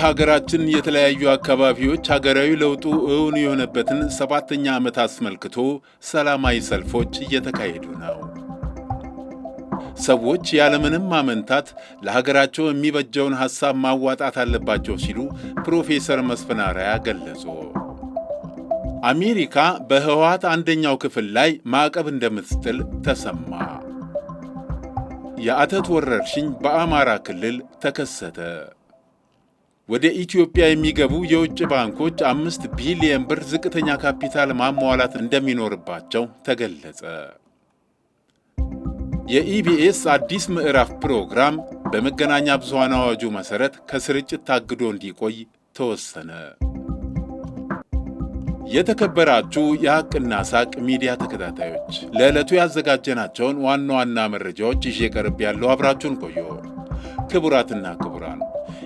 በሀገራችን የተለያዩ አካባቢዎች ሀገራዊ ለውጡ እውን የሆነበትን ሰባተኛ ዓመት አስመልክቶ ሰላማዊ ሰልፎች እየተካሄዱ ነው። ሰዎች ያለምንም ማመንታት ለሀገራቸው የሚበጀውን ሐሳብ ማዋጣት አለባቸው ሲሉ ፕሮፌሰር መስፍን አርአያ ገለጹ። አሜሪካ በህወሓት አንደኛው ክፍል ላይ ማዕቀብ እንደምትጥል ተሰማ። የአተት ወረርሽኝ በአማራ ክልል ተከሰተ። ወደ ኢትዮጵያ የሚገቡ የውጭ ባንኮች አምስት ቢሊየን ብር ዝቅተኛ ካፒታል ማሟላት እንደሚኖርባቸው ተገለጸ። የኢቢኤስ አዲስ ምዕራፍ ፕሮግራም በመገናኛ ብዙሃን አዋጁ መሠረት ከስርጭት ታግዶ እንዲቆይ ተወሰነ። የተከበራችሁ የሐቅና ሳቅ ሚዲያ ተከታታዮች ለዕለቱ ያዘጋጀናቸውን ዋና ዋና መረጃዎች ይዤ ቀርብ ያለው አብራችሁን ቆዩ። ክቡራትና ክቡራን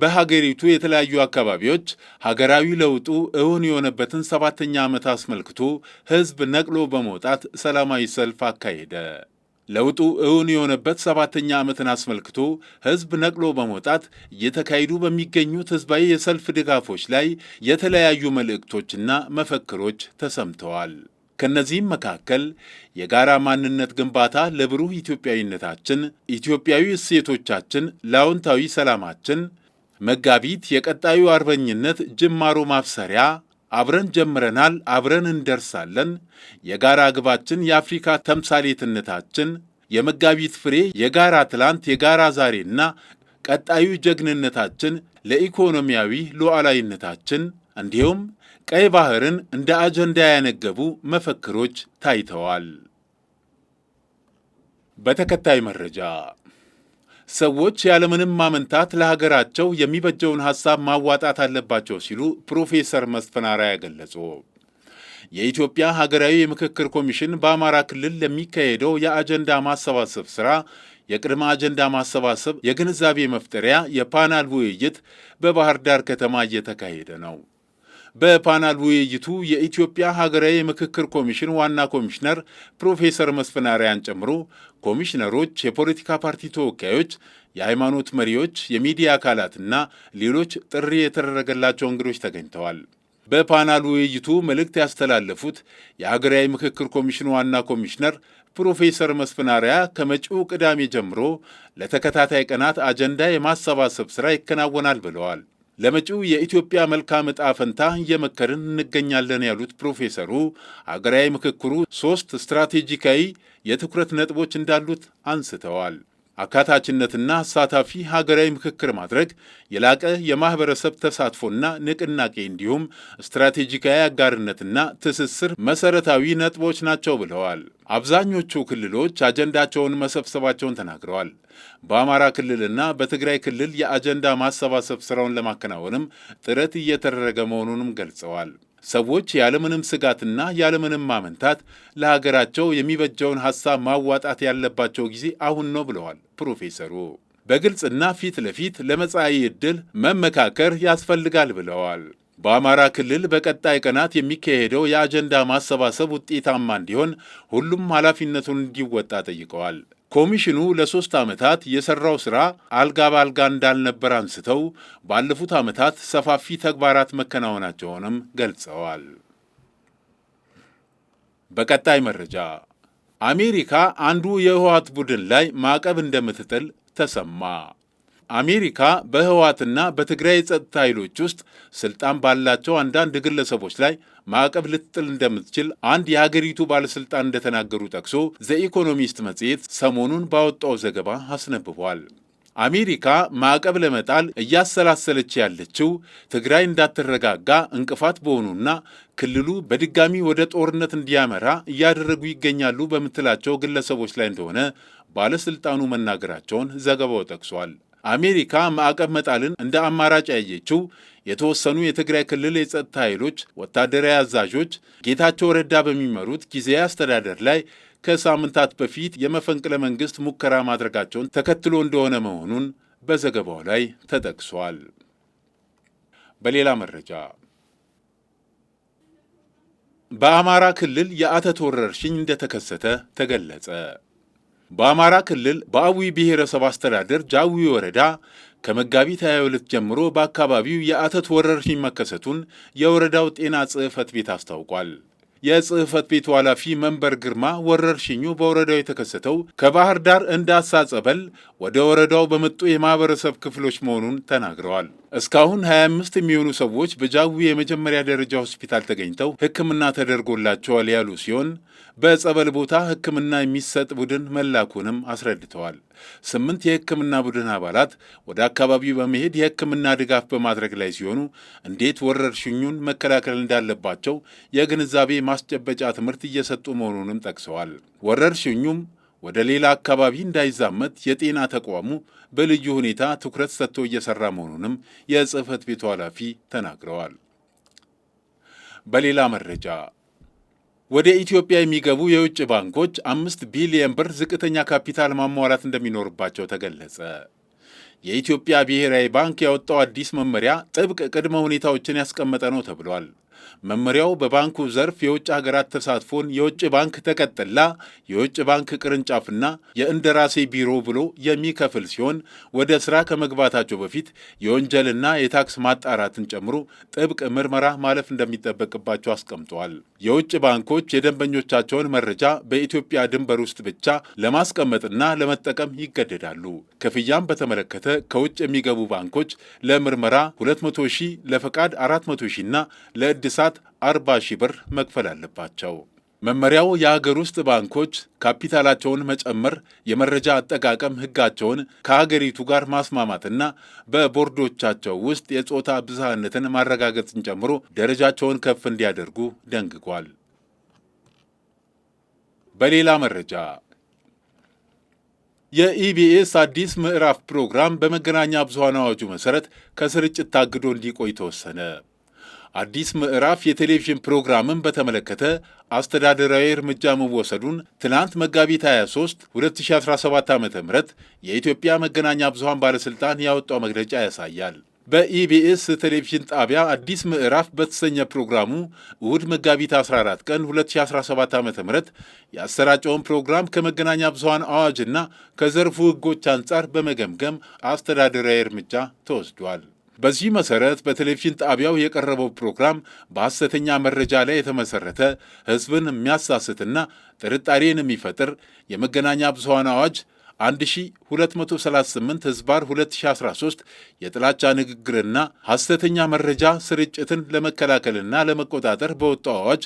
በሀገሪቱ የተለያዩ አካባቢዎች ሀገራዊ ለውጡ እውን የሆነበትን ሰባተኛ ዓመት አስመልክቶ ሕዝብ ነቅሎ በመውጣት ሰላማዊ ሰልፍ አካሄደ። ለውጡ እውን የሆነበት ሰባተኛ ዓመትን አስመልክቶ ሕዝብ ነቅሎ በመውጣት እየተካሄዱ በሚገኙት ሕዝባዊ የሰልፍ ድጋፎች ላይ የተለያዩ መልእክቶችና መፈክሮች ተሰምተዋል። ከነዚህም መካከል የጋራ ማንነት ግንባታ ለብሩህ ኢትዮጵያዊነታችን፣ ኢትዮጵያዊ እሴቶቻችን ለአዎንታዊ ሰላማችን መጋቢት የቀጣዩ አርበኝነት ጅማሮ ማብሰሪያ አብረን ጀምረናል፣ አብረን እንደርሳለን። የጋራ ግባችን የአፍሪካ ተምሳሌትነታችን የመጋቢት ፍሬ የጋራ ትላንት፣ የጋራ ዛሬና ቀጣዩ ጀግንነታችን ለኢኮኖሚያዊ ሉዓላዊነታችን እንዲሁም ቀይ ባህርን እንደ አጀንዳ ያነገቡ መፈክሮች ታይተዋል። በተከታይ መረጃ ሰዎች ያለምንም ማመንታት ለሀገራቸው የሚበጀውን ሀሳብ ማዋጣት አለባቸው ሲሉ ፕሮፌሰር መስፍን አርአያ ገለጹ። የኢትዮጵያ ሀገራዊ የምክክር ኮሚሽን በአማራ ክልል ለሚካሄደው የአጀንዳ ማሰባሰብ ስራ የቅድመ አጀንዳ ማሰባሰብ፣ የግንዛቤ መፍጠሪያ የፓናል ውይይት በባህር ዳር ከተማ እየተካሄደ ነው። በፓናል ውይይቱ የኢትዮጵያ ሀገራዊ የምክክር ኮሚሽን ዋና ኮሚሽነር ፕሮፌሰር መስፍን ጨምሮ ኮሚሽነሮች፣ የፖለቲካ ፓርቲ ተወካዮች፣ የሃይማኖት መሪዎች፣ የሚዲያ አካላትና ሌሎች ጥሪ የተደረገላቸው እንግዶች ተገኝተዋል። በፓናል ውይይቱ መልእክት ያስተላለፉት የሀገራዊ ምክክር ኮሚሽን ዋና ኮሚሽነር ፕሮፌሰር መስፍን ከመጪው ቅዳሜ ጀምሮ ለተከታታይ ቀናት አጀንዳ የማሰባሰብ ሥራ ይከናወናል ብለዋል። ለመጪው የኢትዮጵያ መልካም ዕጣ ፈንታ እየመከርን እንገኛለን ያሉት ፕሮፌሰሩ አገራዊ ምክክሩ ሶስት ስትራቴጂካዊ የትኩረት ነጥቦች እንዳሉት አንስተዋል። አካታችነትና አሳታፊ ሀገራዊ ምክክር ማድረግ፣ የላቀ የማህበረሰብ ተሳትፎና ንቅናቄ እንዲሁም ስትራቴጂካዊ አጋርነትና ትስስር መሰረታዊ ነጥቦች ናቸው ብለዋል። አብዛኞቹ ክልሎች አጀንዳቸውን መሰብሰባቸውን ተናግረዋል። በአማራ ክልልና በትግራይ ክልል የአጀንዳ ማሰባሰብ ስራውን ለማከናወንም ጥረት እየተደረገ መሆኑንም ገልጸዋል። ሰዎች ያለምንም ስጋትና ያለምንም ማመንታት ለሀገራቸው የሚበጀውን ሐሳብ ማዋጣት ያለባቸው ጊዜ አሁን ነው ብለዋል ፕሮፌሰሩ። በግልጽና ፊት ለፊት ለመጻኢ ዕድል መመካከር ያስፈልጋል ብለዋል። በአማራ ክልል በቀጣይ ቀናት የሚካሄደው የአጀንዳ ማሰባሰብ ውጤታማ እንዲሆን ሁሉም ኃላፊነቱን እንዲወጣ ጠይቀዋል። ኮሚሽኑ ለሶስት ዓመታት የሠራው ሥራ አልጋ በአልጋ እንዳልነበር አንስተው ባለፉት ዓመታት ሰፋፊ ተግባራት መከናወናቸውንም ገልጸዋል። በቀጣይ መረጃ አሜሪካ አንዱ የህወሓት ቡድን ላይ ማዕቀብ እንደምትጥል ተሰማ። አሜሪካ በህወሓትና በትግራይ የጸጥታ ኃይሎች ውስጥ ስልጣን ባላቸው አንዳንድ ግለሰቦች ላይ ማዕቀብ ልትጥል እንደምትችል አንድ የሀገሪቱ ባለስልጣን እንደተናገሩ ጠቅሶ ዘኢኮኖሚስት መጽሔት ሰሞኑን ባወጣው ዘገባ አስነብቧል። አሜሪካ ማዕቀብ ለመጣል እያሰላሰለች ያለችው ትግራይ እንዳትረጋጋ እንቅፋት በሆኑና ክልሉ በድጋሚ ወደ ጦርነት እንዲያመራ እያደረጉ ይገኛሉ በምትላቸው ግለሰቦች ላይ እንደሆነ ባለስልጣኑ መናገራቸውን ዘገባው ጠቅሷል። አሜሪካ ማዕቀብ መጣልን እንደ አማራጭ ያየችው የተወሰኑ የትግራይ ክልል የጸጥታ ኃይሎች ወታደራዊ አዛዦች ጌታቸው ረዳ በሚመሩት ጊዜያዊ አስተዳደር ላይ ከሳምንታት በፊት የመፈንቅለ መንግስት ሙከራ ማድረጋቸውን ተከትሎ እንደሆነ መሆኑን በዘገባው ላይ ተጠቅሷል። በሌላ መረጃ በአማራ ክልል የአተት ወረርሽኝ እንደተከሰተ ተገለጸ። በአማራ ክልል በአዊ ብሔረሰብ አስተዳደር ጃዊ ወረዳ ከመጋቢት 22 ጀምሮ በአካባቢው የአተት ወረርሽኝ መከሰቱን የወረዳው ጤና ጽሕፈት ቤት አስታውቋል። የጽሕፈት ቤቱ ኃላፊ መንበር ግርማ ወረርሽኙ በወረዳው የተከሰተው ከባህር ዳር እንደ አሳ ጸበል ወደ ወረዳው በመጡ የማኅበረሰብ ክፍሎች መሆኑን ተናግረዋል። እስካሁን 25 የሚሆኑ ሰዎች በጃዊ የመጀመሪያ ደረጃ ሆስፒታል ተገኝተው ሕክምና ተደርጎላቸዋል ያሉ ሲሆን በጸበል ቦታ ሕክምና የሚሰጥ ቡድን መላኩንም አስረድተዋል። ስምንት የሕክምና ቡድን አባላት ወደ አካባቢው በመሄድ የሕክምና ድጋፍ በማድረግ ላይ ሲሆኑ እንዴት ወረርሽኙን መከላከል እንዳለባቸው የግንዛቤ ማስጨበጫ ትምህርት እየሰጡ መሆኑንም ጠቅሰዋል። ወረርሽኙም ወደ ሌላ አካባቢ እንዳይዛመት የጤና ተቋሙ በልዩ ሁኔታ ትኩረት ሰጥቶ እየሰራ መሆኑንም የጽህፈት ቤቱ ኃላፊ ተናግረዋል። በሌላ መረጃ ወደ ኢትዮጵያ የሚገቡ የውጭ ባንኮች አምስት ቢሊየን ብር ዝቅተኛ ካፒታል ማሟላት እንደሚኖርባቸው ተገለጸ። የኢትዮጵያ ብሔራዊ ባንክ ያወጣው አዲስ መመሪያ ጥብቅ ቅድመ ሁኔታዎችን ያስቀመጠ ነው ተብሏል። መመሪያው በባንኩ ዘርፍ የውጭ ሀገራት ተሳትፎን የውጭ ባንክ ተቀጥላ የውጭ ባንክ ቅርንጫፍና የእንደራሴ ቢሮ ብሎ የሚከፍል ሲሆን ወደ ስራ ከመግባታቸው በፊት የወንጀልና የታክስ ማጣራትን ጨምሮ ጥብቅ ምርመራ ማለፍ እንደሚጠበቅባቸው አስቀምጠዋል። የውጭ ባንኮች የደንበኞቻቸውን መረጃ በኢትዮጵያ ድንበር ውስጥ ብቻ ለማስቀመጥና ለመጠቀም ይገደዳሉ። ክፍያም በተመለከተ ከውጭ የሚገቡ ባንኮች ለምርመራ 200 ሺህ፣ ለፈቃድ 400 ሺህ እና ለእድስ መንግስታት 40 ሺህ ብር መክፈል አለባቸው። መመሪያው የሀገር ውስጥ ባንኮች ካፒታላቸውን መጨመር የመረጃ አጠቃቀም ሕጋቸውን ከሀገሪቱ ጋር ማስማማትና በቦርዶቻቸው ውስጥ የጾታ ብዝሃነትን ማረጋገጥን ጨምሮ ደረጃቸውን ከፍ እንዲያደርጉ ደንግጓል። በሌላ መረጃ የኢቢኤስ አዲስ ምዕራፍ ፕሮግራም በመገናኛ ብዙሃን አዋጁ መሠረት ከስርጭት ታግዶ እንዲቆይ ተወሰነ። አዲስ ምዕራፍ የቴሌቪዥን ፕሮግራምን በተመለከተ አስተዳደራዊ እርምጃ መወሰዱን ትናንት መጋቢት 23 2017 ዓ ም የኢትዮጵያ መገናኛ ብዙሃን ባለሥልጣን ያወጣው መግለጫ ያሳያል። በኢቢኤስ ቴሌቪዥን ጣቢያ አዲስ ምዕራፍ በተሰኘ ፕሮግራሙ እሁድ መጋቢት 14 ቀን 2017 ዓ ም ያሰራጨውን ፕሮግራም ከመገናኛ ብዙሃን አዋጅና ከዘርፉ ሕጎች አንጻር በመገምገም አስተዳደራዊ እርምጃ ተወስዷል። በዚህ መሰረት በቴሌቪዥን ጣቢያው የቀረበው ፕሮግራም በሐሰተኛ መረጃ ላይ የተመሰረተ ህዝብን የሚያሳስትና ጥርጣሬን የሚፈጥር የመገናኛ ብዙኃን አዋጅ 1238 ህዝባር 2013 የጥላቻ ንግግርና ሐሰተኛ መረጃ ስርጭትን ለመከላከልና ለመቆጣጠር በወጣው አዋጅ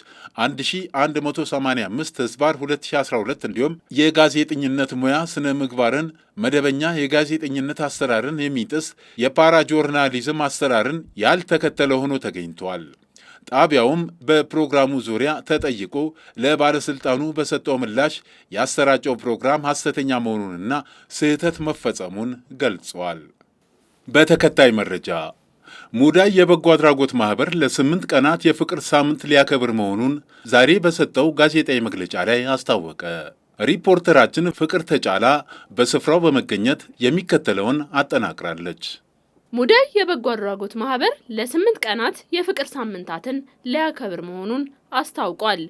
1185 ህዝባር 2012 እንዲሁም የጋዜጠኝነት ሙያ ስነ ምግባርን መደበኛ የጋዜጠኝነት አሰራርን የሚጥስ የፓራ ጆርናሊዝም አሰራርን ያልተከተለ ሆኖ ተገኝቷል። ጣቢያውም በፕሮግራሙ ዙሪያ ተጠይቆ ለባለሥልጣኑ በሰጠው ምላሽ ያሰራጨው ፕሮግራም ሐሰተኛ መሆኑንና ስህተት መፈጸሙን ገልጿል። በተከታይ መረጃ ሙዳይ የበጎ አድራጎት ማኅበር ለስምንት ቀናት የፍቅር ሳምንት ሊያከብር መሆኑን ዛሬ በሰጠው ጋዜጣዊ መግለጫ ላይ አስታወቀ። ሪፖርተራችን ፍቅር ተጫላ በስፍራው በመገኘት የሚከተለውን አጠናቅራለች። ሙዳይ የበጎ አድራጎት ማህበር ለስምንት ቀናት የፍቅር ሳምንታትን ሊያከብር መሆኑን አስታውቋል።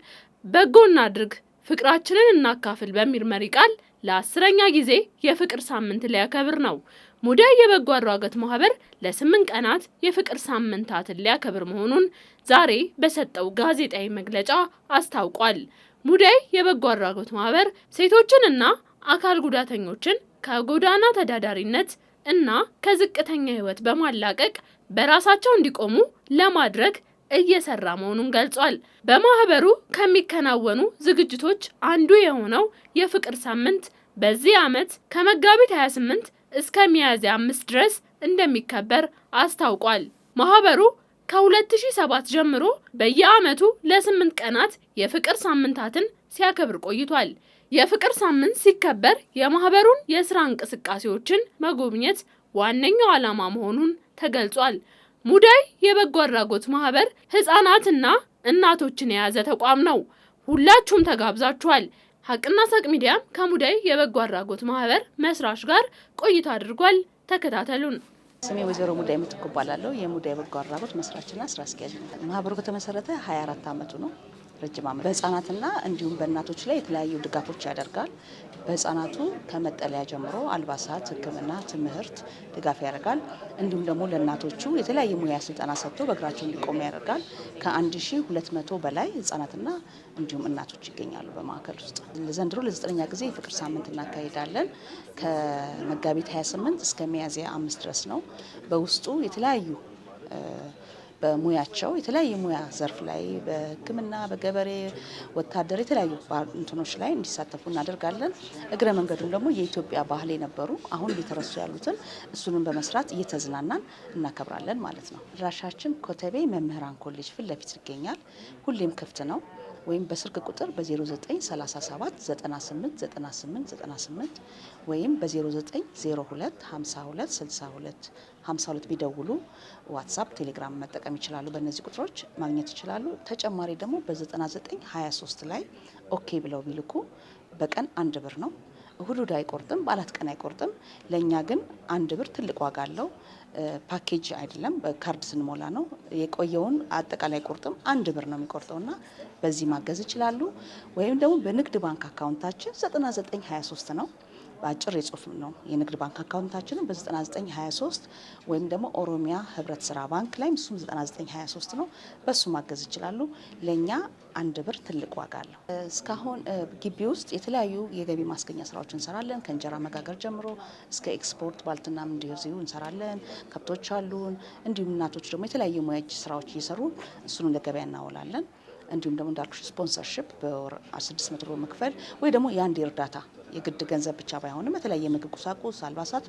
በጎ እናድርግ ፍቅራችንን እናካፍል በሚል መሪ ቃል ለአስረኛ ጊዜ የፍቅር ሳምንት ሊያከብር ነው። ሙዳይ የበጎ አድራጎት ማህበር ለስምንት ቀናት የፍቅር ሳምንታትን ሊያከብር መሆኑን ዛሬ በሰጠው ጋዜጣዊ መግለጫ አስታውቋል። ሙዳይ የበጎ አድራጎት ማህበር ሴቶችንና አካል ጉዳተኞችን ከጎዳና ተዳዳሪነት እና ከዝቅተኛ ህይወት በማላቀቅ በራሳቸው እንዲቆሙ ለማድረግ እየሰራ መሆኑን ገልጿል። በማህበሩ ከሚከናወኑ ዝግጅቶች አንዱ የሆነው የፍቅር ሳምንት በዚህ ዓመት ከመጋቢት 28 እስከ ሚያዝያ 5 ድረስ እንደሚከበር አስታውቋል። ማህበሩ ከ2007 ጀምሮ በየዓመቱ ለስምንት ቀናት የፍቅር ሳምንታትን ሲያከብር ቆይቷል። የፍቅር ሳምንት ሲከበር የማህበሩን የስራ እንቅስቃሴዎችን መጎብኘት ዋነኛው ዓላማ መሆኑን ተገልጿል። ሙዳይ የበጎ አድራጎት ማህበር ህጻናትና እናቶችን የያዘ ተቋም ነው። ሁላችሁም ተጋብዛችኋል። ሀቅና ሳቅ ሚዲያም ከሙዳይ የበጎ አድራጎት ማህበር መስራች ጋር ቆይታ አድርጓል። ተከታተሉን። ስሜ ወይዘሮ ሙዳይ ምትኩ እባላለሁ። የሙዳይ በጎ አድራጎት መስራችና ስራ አስኪያጅ ነው። ማህበሩ ከተመሰረተ 24 ዓመቱ ነው። ረጅም በህጻናትና እንዲሁም በእናቶች ላይ የተለያዩ ድጋፎች ያደርጋል። በህጻናቱ ከመጠለያ ጀምሮ አልባሳት፣ ህክምና ትምህርት ድጋፍ ያደርጋል። እንዲሁም ደግሞ ለእናቶቹ የተለያየ ሙያ ስልጠና ሰጥቶ በእግራቸው እንዲቆሙ ያደርጋል። ከ1200 በላይ ህጻናትና እንዲሁም እናቶች ይገኛሉ በማዕከል ውስጥ። ዘንድሮ ለዘጠነኛ ጊዜ የፍቅር ሳምንት እናካሂዳለን። ከመጋቢት 28 እስከ ሚያዝያ አምስት ድረስ ነው። በውስጡ የተለያዩ በሙያቸው የተለያየ ሙያ ዘርፍ ላይ በሕክምና፣ በገበሬ፣ ወታደር የተለያዩ እንትኖች ላይ እንዲሳተፉ እናደርጋለን። እግረ መንገዱን ደግሞ የኢትዮጵያ ባህል የነበሩ አሁን እየተረሱ ያሉትን እሱንም በመስራት እየተዝናናን እናከብራለን ማለት ነው። አድራሻችን ኮተቤ መምህራን ኮሌጅ ፊት ለፊት ይገኛል። ሁሌም ክፍት ነው። ወይም በስልክ ቁጥር በ0937989898 ወይም በ 0902526252 ቢደውሉ ዋትሳፕ፣ ቴሌግራም መጠቀም ይችላሉ። በእነዚህ ቁጥሮች ማግኘት ይችላሉ። ተጨማሪ ደግሞ በ9923 ላይ ኦኬ ብለው ቢልኩ በቀን አንድ ብር ነው። እሁድ እሁድ አይቆርጥም፣ በዓላት ቀን አይቆርጥም። ለእኛ ግን አንድ ብር ትልቅ ዋጋ አለው። ፓኬጅ አይደለም፣ በካርድ ስንሞላ ነው። የቆየውን አጠቃላይ ቁርጥም አንድ ብር ነው የሚቆርጠው እና በዚህ ማገዝ ይችላሉ። ወይም ደግሞ በንግድ ባንክ አካውንታችን 9923 ነው በአጭር የጽሁፍ ነው። የንግድ ባንክ አካውንታችንም በ9923 ወይም ደግሞ ኦሮሚያ ህብረት ስራ ባንክ ላይም እሱም 9923 ነው። በሱ ማገዝ ይችላሉ። ለእኛ አንድ ብር ትልቅ ዋጋ አለው። እስካሁን ግቢ ውስጥ የተለያዩ የገቢ ማስገኛ ስራዎች እንሰራለን። ከእንጀራ መጋገር ጀምሮ እስከ ኤክስፖርት ባልትናም እንደዚሁ እንሰራለን። ከብቶች አሉን። እንዲሁም እናቶች ደግሞ የተለያዩ ሙያች ስራዎች እየሰሩ እሱን ለገበያ እናውላለን። እንዲሁም ደግሞ እንዳልኩሽ ስፖንሰርሽፕ በወር 600 ብር መክፈል ወይ ደግሞ የአንድ እርዳታ የግድ ገንዘብ ብቻ ባይሆንም በተለያየ ምግብ፣ ቁሳቁስ፣ አልባሳት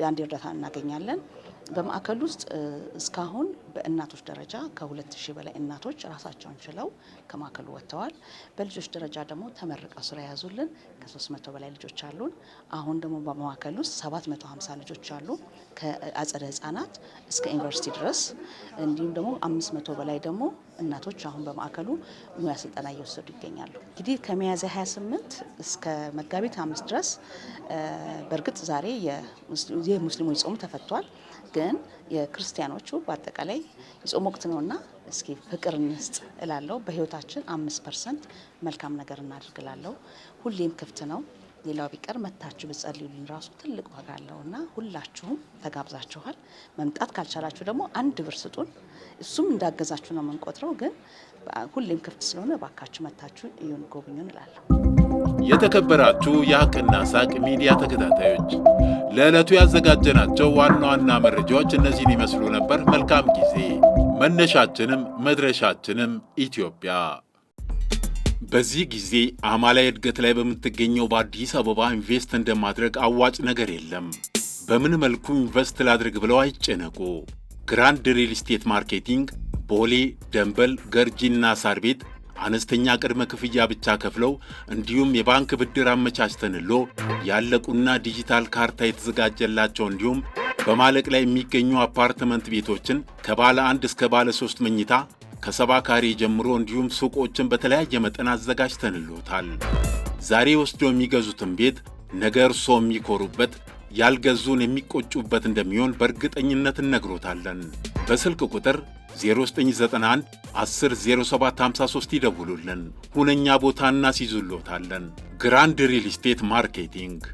የአንድ እርዳታ እናገኛለን። በማዕከል ውስጥ እስካሁን በእናቶች ደረጃ ከሁለት 2000 በላይ እናቶች ራሳቸውን ችለው ከማዕከሉ ወጥተዋል። በልጆች ደረጃ ደግሞ ተመርቀው ስራ የያዙልን ከ መቶ በላይ ልጆች አሉን። አሁን ደግሞ በማዕከል ውስጥ ሰባት መቶ ልጆች አሉ ከአጸደ ህጻናት እስከ ዩኒቨርሲቲ ድረስ እንዲሁም ደግሞ 500 መቶ በላይ ደግሞ እናቶች አሁን በማዕከሉ ሙያ ስልጠና እየወሰዱ ይገኛሉ። እንግዲህ ከሚያዝያ 28 እስከ መጋቢት አምስት ድረስ በእርግጥ ዛሬ የሙስሊሞች ጾሙ ተፈቷል። ግን የክርስቲያኖቹ በአጠቃላይ የጾም ወቅት ነውና እስኪ ፍቅር እንስጥ እላለሁ። በህይወታችን አምስት ፐርሰንት መልካም ነገር እናድርግ እላለሁ። ሁሌም ክፍት ነው። ሌላው ቢቀር መታችሁ ብጸልዩልን ራሱ ትልቅ ዋጋ አለው እና ሁላችሁም ተጋብዛችኋል። መምጣት ካልቻላችሁ ደግሞ አንድ ብር ስጡን፣ እሱም እንዳገዛችሁ ነው የምንቆጥረው። ግን ሁሌም ክፍት ስለሆነ እባካችሁ መታችሁ እዩን፣ ጎብኙን እላለሁ። የተከበራችሁ የሐቅና ሳቅ ሚዲያ ተከታታዮች ለዕለቱ ያዘጋጀናቸው ዋና ዋና መረጃዎች እነዚህን ይመስሉ ነበር። መልካም ጊዜ። መነሻችንም መድረሻችንም ኢትዮጵያ። በዚህ ጊዜ አማላይ እድገት ላይ በምትገኘው በአዲስ አበባ ኢንቨስት እንደማድረግ አዋጭ ነገር የለም። በምን መልኩ ኢንቨስት ላድርግ ብለው አይጨነቁ። ግራንድ ሪል ስቴት ማርኬቲንግ ቦሌ፣ ደንበል፣ ገርጂና ሳር ቤት አነስተኛ ቅድመ ክፍያ ብቻ ከፍለው እንዲሁም የባንክ ብድር አመቻችተንሎ ያለቁና ዲጂታል ካርታ የተዘጋጀላቸው እንዲሁም በማለቅ ላይ የሚገኙ አፓርትመንት ቤቶችን ከባለ አንድ እስከ ባለ ሶስት መኝታ ከሰባ ካሬ ጀምሮ እንዲሁም ሱቆችን በተለያየ መጠን አዘጋጅተንልዎታል። ዛሬ ወስደው የሚገዙትን ቤት ነገ እርሶ የሚኮሩበት ያልገዙን የሚቆጩበት እንደሚሆን በእርግጠኝነት እነግሮታለን። በስልክ ቁጥር 0991 100753 ይደውሉልን። ሁነኛ ቦታ እናስይዙልዎታለን። ግራንድ ሪል ስቴት ማርኬቲንግ